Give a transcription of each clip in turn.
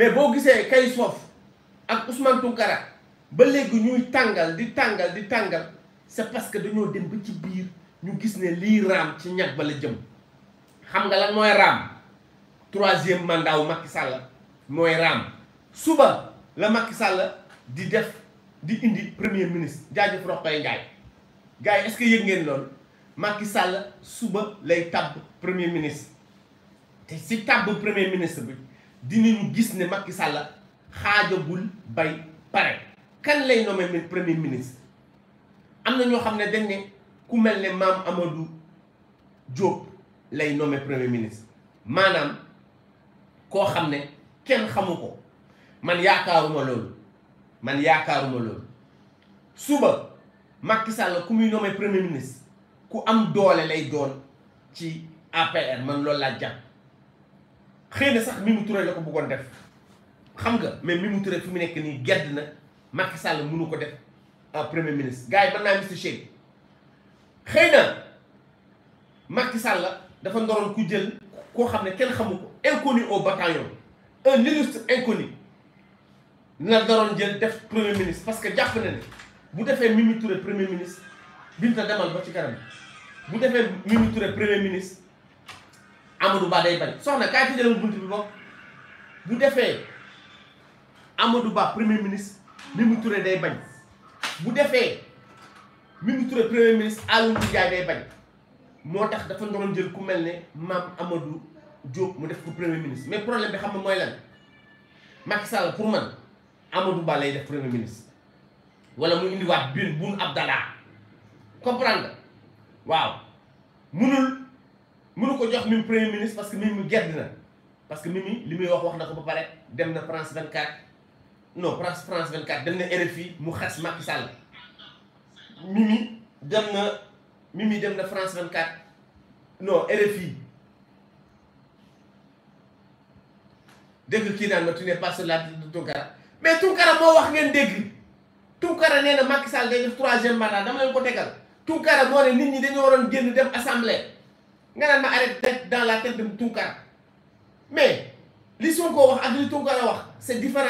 mais boo gisee kay soof ak Ousmane Tounkara ba léegi ñuy tàngal di tàngal di tàngal c'est parce que dañoo dem ba ci biir ñu gis ne lii raam ci ñag ba la jëm xam nga lan mooy raam troisième mandat wu Macky Sall mooy raam suba la makki Sall di def di indi premier ministre jaajëf Rokhaya Ndiaye gars yi est-ce que yëg ngeen loolu Macky sàll suba lay tabb premier ministre te si tabb premier ministre bi. dinañu gis ne Macky Sall xaajagul bay pare kan lay nommé premier ministre am na ñoo xam ne dañ ne ku mel ne maam Amadou Diop lay nommé premier ministre maanaam koo xam ne kenn xamu ko man yaakaaruma loolu man yaakaaruma loolu suba Macky Sall ku muy nommé premier ministre ku am doole lay doon ci APR man loolu laa jàpp xëy na sax Mimi Touré la ko bëggoon def xam nga mais Mimi Touré fi mu nekk nii gedd na Macky Sall mënu ko def premier ministre gars yi mën naa Mister Shake xëy na Macky Sall dafa ndoroon ku jël koo xam ne kenn xamu ko inconnu au bataillon un illustre inconnu na ndoroon jël def premier ministre parce que jàpp na ne bu defee Mimi Touré premier ministre dina demal ba ci kanam bu defee Mimi Touré premier ministre. Amadou Ba day bañ soxna kaay tëjee la bunt bi bokk bu defee Amadou Ba premier ministre Mimi Touré day bañ bu defee Mimi Touré premier ministre Aly Ndiaye day bañ moo tax dafa ndoroon jël ku mel ne maam Amadou Diop mu def ko premier ministre mais problème bi xam nga mooy lan Macky Sall pour man Amadou Ba lay def premier ministre wala mu indiwaat biir Boun Abdallah comprendre waaw munul. mënu ko jox même premier ministre parce que mii mu gedd na parce que mii mi li muy wax wax na ko ba pare dem na France 24 non France France 24 dem na RFI mu xas Macky Sall mii mi dem na mii mi dem na France 24 non RFI dégg kii naan ma tu n'es pas sur la Tounkara mais Tounkara moo wax ngeen dégg Tounkara nee na Macky Sall day def troisième mandat dama ko tegal Tounkara moo ne nit ñi dañoo waroon génn dem assemblée. nga on ma arrête dans la tête de Tounkara mais li Sonko wax ak c'est différent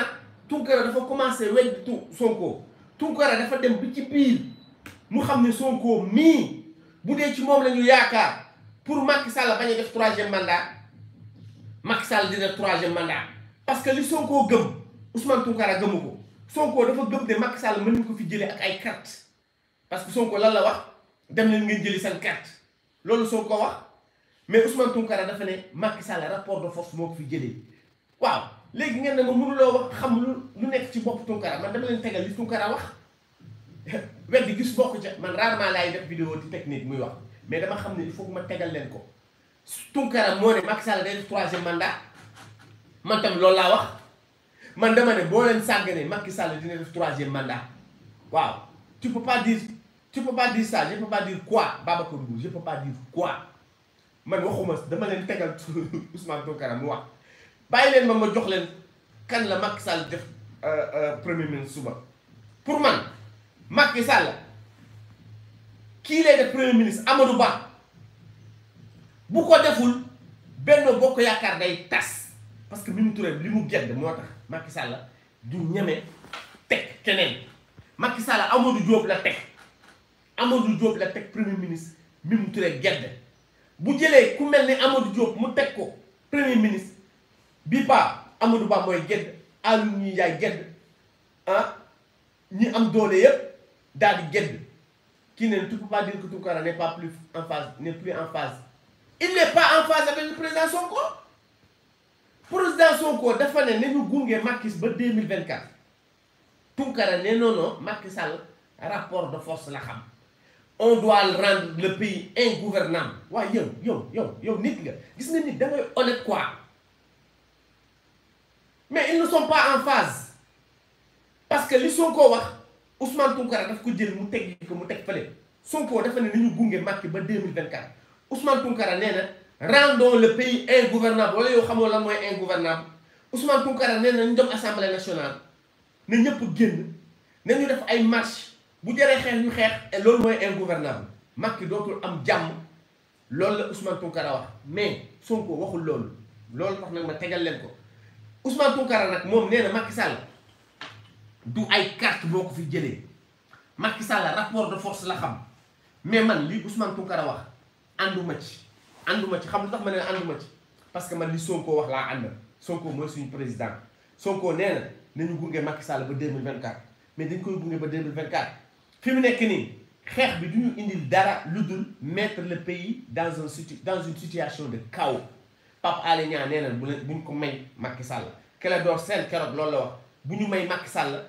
Tounkara a commencé wedd tout Sonko dem bi ci mu Nous Sonko mais ci yaakaar pour Macky Sall a le troisième mandat Macky Sall le troisième mandat parce que li Sonko Ousmane Sonko ne Macky Sall ko fi ak ay cartes. parce que Sonko lan la wax dem ngeen jëli carte Sonko wax mais Ousmane Tounkara dafa ne Macky Sall rapport de force moo fi jëlé waaw légui ngeen ne ma lo wax xam lu lu nekk ci bopp Tounkara man dama leen tégal li Tounkara wax weddi gis bokk ci man rarement lay def vidéo di technique muy wax mais dama xam ne il faut que ma tégal leen ko Tounkara mo ne Macky Sall day def 3e mandat man tam lool la wax man dama ne boo leen sàgganee Macky Sall dina def 3e mandat waaw tu peux pas dire tu peux pas dire ça je peux pas dire quoi Baba Ngou je peux pas dire quoi man waxuma dama leen tegal Ousmane Tounkara mu wax bàyyi leen ma ma jox leen kan la Macky sàll def euh, euh, premier ministre suba pour man Macky sàll kii lay def premier ministre Amadou Ba bu ko deful benn Bokk Yaakaar day tas parce que Mimi Touré li mu gedd moo tax Macky Sall du ñeme teg keneen Macky Sall Amadou Diop la teg Amadou Diop la teg premier ministre Mimi Touré gedd bu jëlee ku Amadou Diop mu ko premier ministre Bipa, Amadou Ba moy gedd Aliou ñuy yaay gedd ah ñi am doole qui ne tu pas dire que Tounkara n'est pas plus en phase n'est plus en phase il n'est pas en phase avec le président Sonko président Sonko dafa ne nañu gunge Macky ba deux 2024, vingt n'est non non Macky Sall rapport de force la xam on doit rendre le pays ingouvernable waaye yo yo yo yo nit nga gis nga nit da ngay honnête quoi mais ils ne sont pas en phase parce que li sont wax Ousmane Tounkara daf ko jël mu technique, ko mu teg son Sonko dafa ne ni ñu marqué ba Ousmane Tounkara nee rendons le pays ingouvernable Vous savez xamoo lan ingouvernable Ousmane Tounkara n'est na ñu dem assemblée nationale na ñëpp génn na ñu def ay marche bu jëree xeex ñu xeex loolu mooy ingouvernable Macky dootul am jàmm loolu la Ousmane Tounkara wax mais Sonko waxul loolu loolu tax nag ma tegal leen ko Ousmane Tounkara nag moom nee na Macky Sall du ay carte boo ko fi jëlee Macky Sall rapport de force la xam mais man li Ousmane Tounkara wax anduma ci anduma ci xam lu tax ma ne ci parce que man li Sonko wax laa ànd Sonko mooy suñu président Sonko nee na nañu gunge Macky Sall ba 2024 mais dañ koy gunge ba 2024 fi mu nekk nii xeex bi du ñu dara lu mettre le pays dans un dans une situation de chaos Pape Alé Niang nee na bu leen ko may Macky Sall Clédor Sène keroog loolu la wax bu ñu may Macky Sall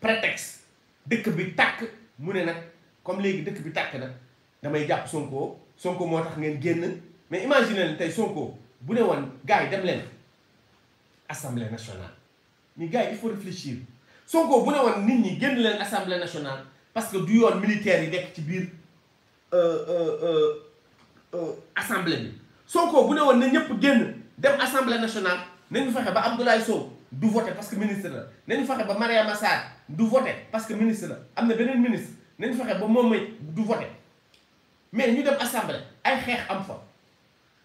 prétexte dëkk bi tàkk mu ne nag comme léegi dëkk bi tàkk na damay jàpp Sonko Sonko moo tax ngeen génn mais imagine leen tey Sonko bu ne woon gars yi dem leen assemblée nationale mais gars yi il faut réfléchir Sonko bu ne woon nit ñi génn leen assemblée nationale parce que du yoon militaire yi nek ci euh, euh, euh, euh assemblée bi Sonko bu ne woon ne ñepp genn dem assemblée nationale nañu fexe ba Abdoulaye Sow du voter parce que ministre la nañu fexe ba maria Sarr du voter parce que ministre la amna benen ministre nañu fexe ba moom du voter mais ñu dem assemblée ay xex am fa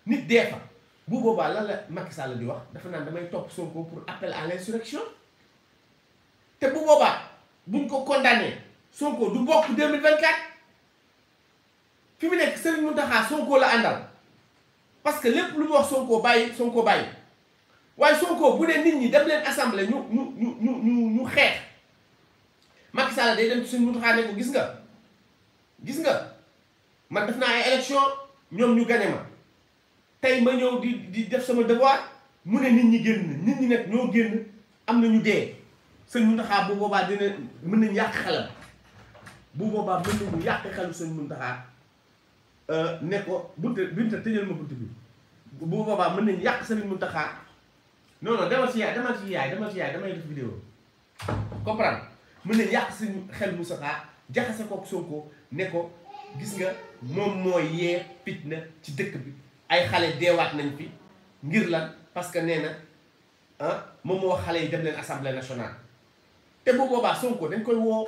nit dee fa bu boobaa la Macky Sall di wax dafa nan damay top Sonko pour appel à l'insurrection te bu boobaa buñ ko condamné. Sonko du bokk 2024 fi mu nekk Serigne Mountakha Sonko la andal. parce que lepp lu wax Sonko baye, Sonko baye. Waye Sonko bu ne nit ñi dem leen assemblée ñu ñu ñu ñu ñu xex. xeex Macky Sall day dem ci Serigne Mountakha ne ko gis nga gis nga man def na ay élection ñom ñu gane ma Tay ma ñew di di def sama devoir mu ne nit ñi génn nit ñi nag ñoo génn amna ñu dé Serigne Mountakha bu boba dina mën nañ yàq xelam. bu boobaa mën nañu yàq xelu sëñ Muntaxa euh, ne ko bunte binta tëjal ma bunt bi bu boobaa mën nañu yàq sëriñ Muntaxa non noonu demal si yaay demal si yaay damay def vidéo comprendre mën nañu yàq sëñ xel Muntaxa jaxase kook Sonko ne ko gis nga moom moo yee fitna ci dëkk bi ay xale deewaat nañ fi ngir lan parce que nee na ah moom moo wax xale yi dem leen assemblée nationale te bu boobaa Sonko dañ koy woo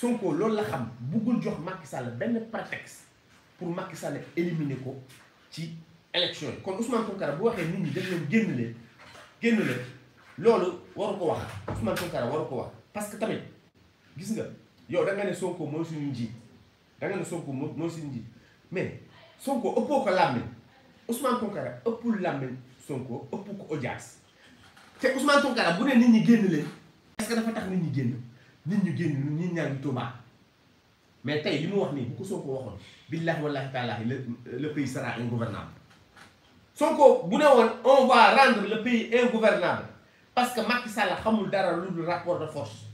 Sonko loolu la xam buggul jox Macky Sall benn prétexte pour Macky Sall éliminer ko ci élection yi kon Ousmane Tounkara bu waxé nit ñi def leen génn leen génn leen loolu waru ko wax Ousmane Tounkara waru ko wax parce que tamit gis nga yow da nga ne Sonko mo suñu njiit da nga ne Sonko mo suñu njiit mais Sonko ëppoo ko làmmiñ Ousmane Tounkara ëppul lamé Sonko ëpp ko audience te Ousmane Tounkara bu né nit ñi génn leen est-ce que dafa tax nit ñi génn nit ñu génn nit ñaa ngi tuumaat mais tey li mu wax nii bu ko Sonko waxoon billahi wallahi taalahi le pays sera ingouvernable Sonko bu ne woon on va rendre le pays ingouvernable parce que Macky Sall xamul dara lu dul rapport de force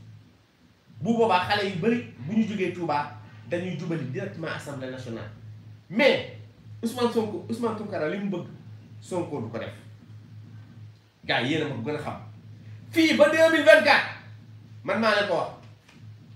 bu boobaa xale yi bëri bu ñu jógee Touba dañuy jubali directement assemblée nationale mais Ousmane Sonko Ousmane Tounkara li mu bëgg Sonko du ko def gars yi a ma ko gën a xam fii ba 2024 man maa ko wax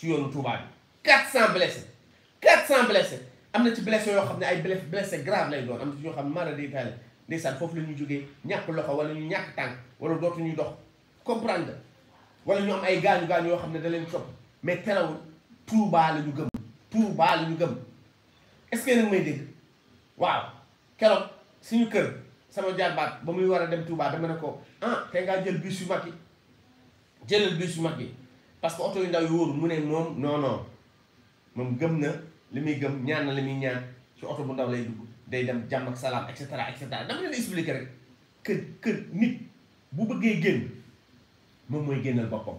ci yoonu Touba bi quatre cent blessés quatre cent blessés am na ci blessé yoo xam ne ay blessé grave lay doon am na ci yoo xam ne mara day taale ndeysaan foofu la ñu jógee ñàkk loxo wala ñu ñàkk tànk wala dootuñu dox comprendre wala ñu am ay gaañu gaañu yoo xam ne da leen topp mais terewul Touba la ñu gëm Touba la ñu gëm est-ce que nag may dégg waaw keroog suñu kër sama jaarbaat ba muy war a dem Touba dama ne ko ah te ngaa jël bus yu mag yi jëlal bus yu mag parce que oto yu ndaw yi wóorul mu ne moom non moom gëm na li muy gëm ñaan na li muy ñaan ci oto bu ndaw lay dugg day dem jàmm ak salaam et cetera et cetera dama expliquer rek que que nit bu bëggee génn moom mooy génnal boppam.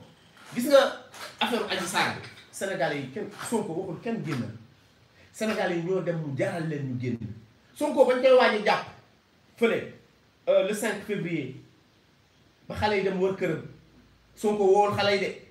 gis nga affaire Adji Sarr Sénégal yi kenn Sonko waxul kenn génnal Sénégal yi ñoo dem mu jaral leen ñu génn Sonko bañ koy waaj jàpp fële euh, le 5 février ba xale yi dem wër këram Sonko wowoon xale yi de.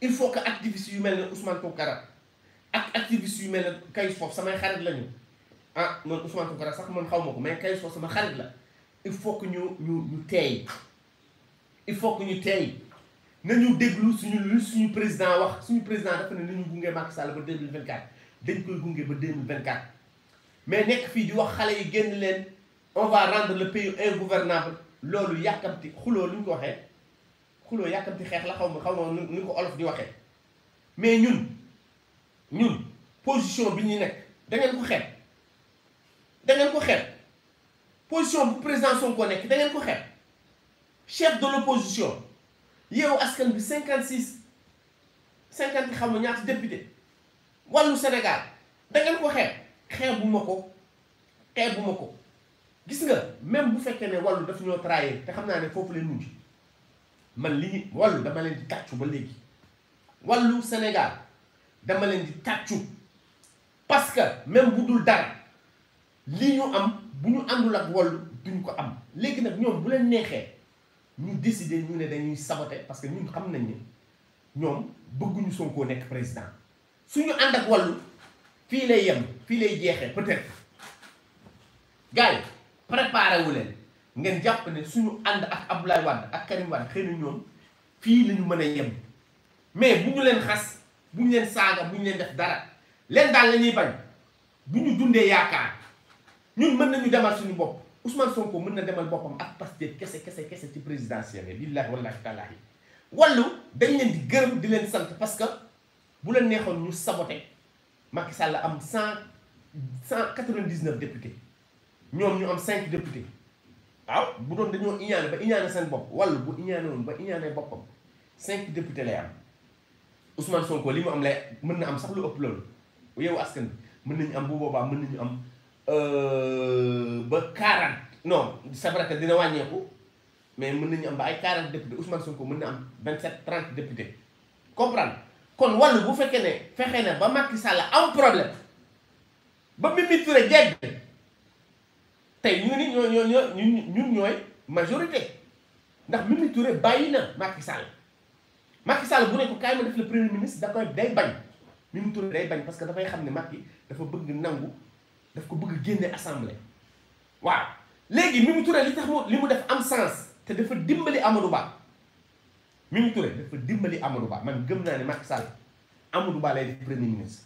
il faut que activiste yu Ousmane Tounkara ak activiste yu mel ah Ousmane mais la il faut que nous nous nous nous il faut que nous président, nous nous suñu nous suñu président wax nous président Nous devons nous Macky Sall ba 2024 dañ koy nous ba 2024 mais nous devons nous wax on va rendre le pays ingouvernable loolu yàkkamti xuloo lu ñu ko waxee xuloo yàkkamti xeex la xaw ma xaw olof di waxee mais ñun ñun position bi ñuy nekk da ngeen ko xeeb da ngeen ko position bu président Sonko nekk da ngeen chef de l'opposition yow askan bi 56, 56, xam nga ñaata député Sénégal da ngeen ko xeeb xeebuma gis nga même bu fekkee ne wàllu daf ñoo trahir te xam naa ne foofu man li ñu dama leen di tàccu ba léegi wàllu Sénégal dama leen di tàccu parce que même bu dul dara li ñu am bu ñu àndul ak wàllu duñ ko am léegi nag ñoom bu leen neexee ñu décider ñu ne dañuy parce que ñun xam nañ ne ñoom bëgguñu Sonko nekk président suñu ànd ak wàllu lay yem fii lay peut-être gars préparé wu leen ngeen jàpp ne suñu ànd ak Abdoulaye Wade ak Karim Wade xëy na ñoom fii la ñu mën a yem mais bu ñu leen xas bu ñu leen saaga bu ñu leen def dara leen daal la ñuy bañ bu ñu dundee yaakaar ñun mën nañu demal suñu bopp Ousmane Sonko mën na demal boppam ak Pastef kese kese kese ci présidentiel yi billaahi wallaahi taalaahi wallu dañ leen di gërëm di leen sant parce que bu leen neexoon ñu saboté Macky Sall am cent cent quatre-vingt-dix-neuf députés ñoom ñu am cinq députés waaw bu doon dañoo iñaane ba iñaane seen bopp wala bu iñaane woon ba iñaanee boppam cinq députés lay am Ousmane Sonko li mu am lay mën na am sax lu ëpp loolu yow askan bi mën nañu am bu boobaa mën nañu am euh, ba quarante non c'est vrai que dina wàññeeku mais mën nañu am ba ay quarante députés Ousmane Sonko mën na am vingt sept trente députés comprendre kon wàllu bu fekkee ne fexe ne ba Macky Sall am problème ba Mimi Touré jégg tey ñu ni ñoo ñoo ñoo ñun ñooy majorité ndax Mimi Touré bàyyi na Macky Sall Macky Sall bu ne ko kaay ma def le premier ministre da koy day bañ Mimi Touré day bañ parce que dafay xam ne Macky dafa bëgg nangu daf ko bëgg génne assemblée waaw léegi Mimi Touré li tax mu li mu def am sens te dafa dimbali Amadou Ba Mimi Touré dafa dimbali Amadou baax man gëm naa ne Macky Sall Amadou Ba lay def premier ministre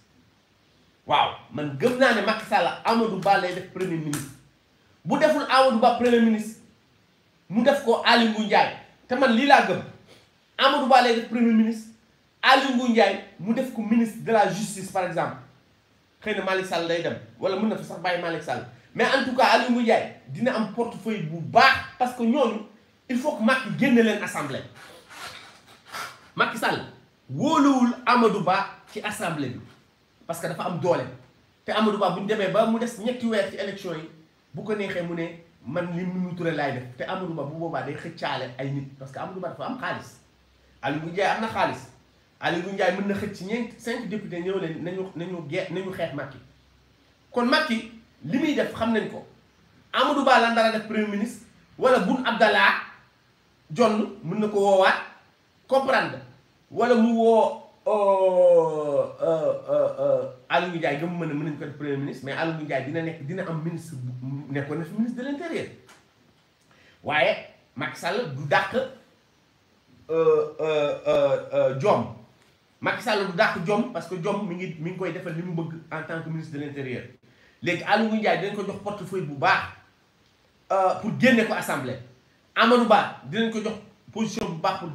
waaw man gëm naa ne Macky Sall Amadou Ba lay def premier ministre bu deful Amadou Ba premier ministre mu def ko Aly Ngouille Ndiaye te man lii laa gëm Amadou Ba lay def premier ministre Aly Ngouille mu def ko ministre de la justice par exemple xëy na Malick Sall day dem wala mun na fa sax bàyyi Malick Sall mais en tout cas Aly Ngouille Ndiaye dina am portefeuille bu baax parce que ñooñu il faut que Macky génne leen assemblée Macky Sall wóoluwul Amadou Ba ci assemblée bi parce que dafa am doole te Amadou Ba bu ñu demee ba mu des ñetti weer ci élection yi. bu ko nexé mu ne man li mu Touré lay def te Amadou Ba bu boba day xëccalé ay nit parce que Amadou Ba dafa am xaliss ali bu Ndiaye amna xaliss ali bu Ndiaye mën na xëcc ci ñeent cinq député ñëw leen nañu nañu ge nañu xéx makki kon makki li muy def xam nañ ko Amadou Ba lan dara def premier ministre wala Boun Abdallah jonn mën na ko woowaat comprendre wala mu woo Aliou Ndiaye gëm mën a mën premier ministre mais Aliou Ndiaye dina nekk dina am ministre de l' intérieur waaye Macky Sall du dàq Diome eh, eh, eh, Macky Sall du dàq Diome parce que Diome mi ngi mi ngi koy defal en tant que ministre de l' intérieur léegi Aliou Ndiaye dinañ portefeuille bu pour position pour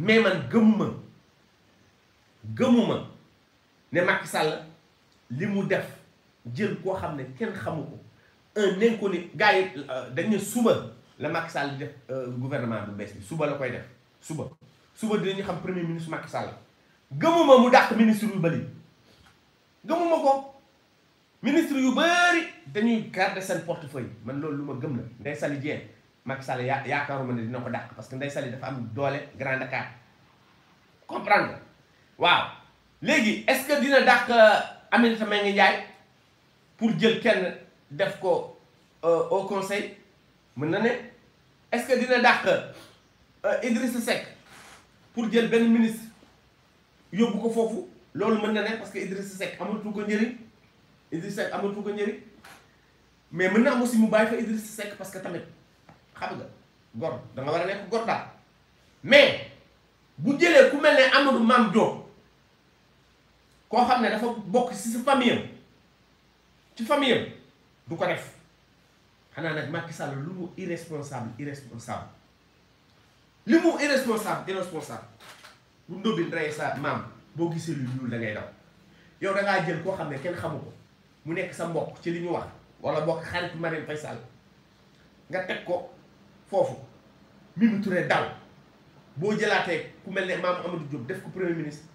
mais man gëm ma. gëmuma ne Macky Sall li mu def jël koo xam ne kenn xamu ko un inconnu gars yi euh, dañ ne suba la Macky Sall di def euh, gouvernement bu bees bi suba la koy def suba suba dinañu xam premier ministre Macky Sall gëmuma mu dàq ministre yu bëri gëmuma ko ministre yu bëri dañuy garder seen portefeuille man loolu lu ma gëm la Ndeye Saly Dieng Macky Sall yaa yaakaaruma ne dina ko dàq parce que Ndeye Saly dafa am doole Grand Dakar comprendre waaw Legi, est-ce que dina dak euh, Aminata Mbengue Ndiaye pour jël kenn def ko euh, au conseil mën na ne est-ce que dina dàq euh, Idrissa Seck pour jël ben ministre yobou ko fofu lolou mën na ne parce que Idrissa Seck amatu ko njëriñ Idrissa Seck amatu ko njëriñ mais mën na aussi mu bàyyi fa Idrissa Seck parce que tamit xam nga gor da nga wara nek gor da mais bu jëlee ku mel Amadou Mame koo xam ne dafa bokk sa famille ci famille du ko def xanaa nag Macky irresponsable irresponsable li irresponsable irresponsable bu ndóbbi rey sa maam boo gisee lu ñuul da ngay daw yow da ngaa jël koo xam ne kenn mu nekk sa mbokk ci li wax wala xarit ne Amadou Diop def premier ministre.